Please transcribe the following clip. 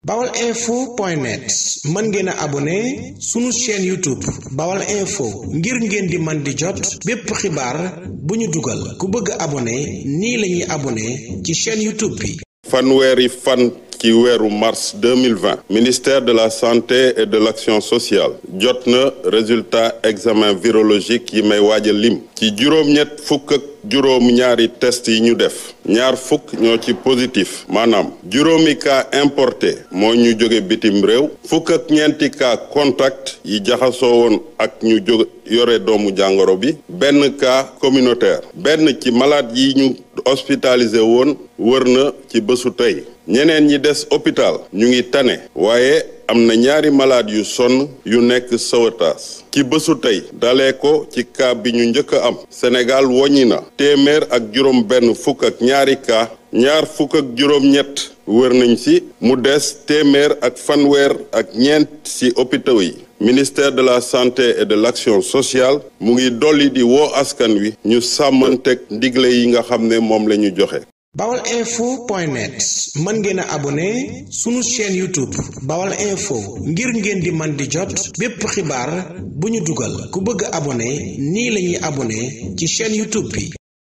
bawal info point net mën ngeen a abonné sunu chaîne YouTube bawal info ngir ngeen di man di jot bépp xibaar bu ñu dugal ku bëgg abonné nii lañuy abonné ci chaîne YouTube bi fanweeri fan ci weeru mars 2020 ministère de la santé et de l'action sociale jot na résultat examen virologique yi may waaja lim ci juróom-ñett fukk ak juróom ñaari test yi ñu def ñaar fukk ñoo ci positif maanaam juróomi cas importé moo ñu jóge bitim réew fukk ak ñeenti cas contact yi jaxasoo woon ak ñu jóge yore doomu jàngoro bi benn cas communautaire benn ci malade yi ñu hospitalisé woon wër na ci bésu tey ñeneen ñi des hôpital ñu ngi tane waaye am na ñaari malade yu sonn yu nekk sawataas ci bésu tey dalee ko ci cas bi ñu njëkk a am Sénégal woññi na téeméer ak juróom benn fukk ak ñaari cas ñaar fukk ak juróom ñett wër nañ ci mu des téeméer ak fanweer ak ñeent ci hôpitaux yi ministère de la santé et de l'action sociale mu ngi dolli di woo askan wi ñu sàmmanteeg ndigle yi nga xam ne moom la ñu joxe bawal info point net mën ngeen a abonné sunu chaîne youtube bawal info ngir ngeen di man di jot bépp xibaar bu ñu dugal ku bëgg abonné nii lañuy abonné ci chaîne youtube bi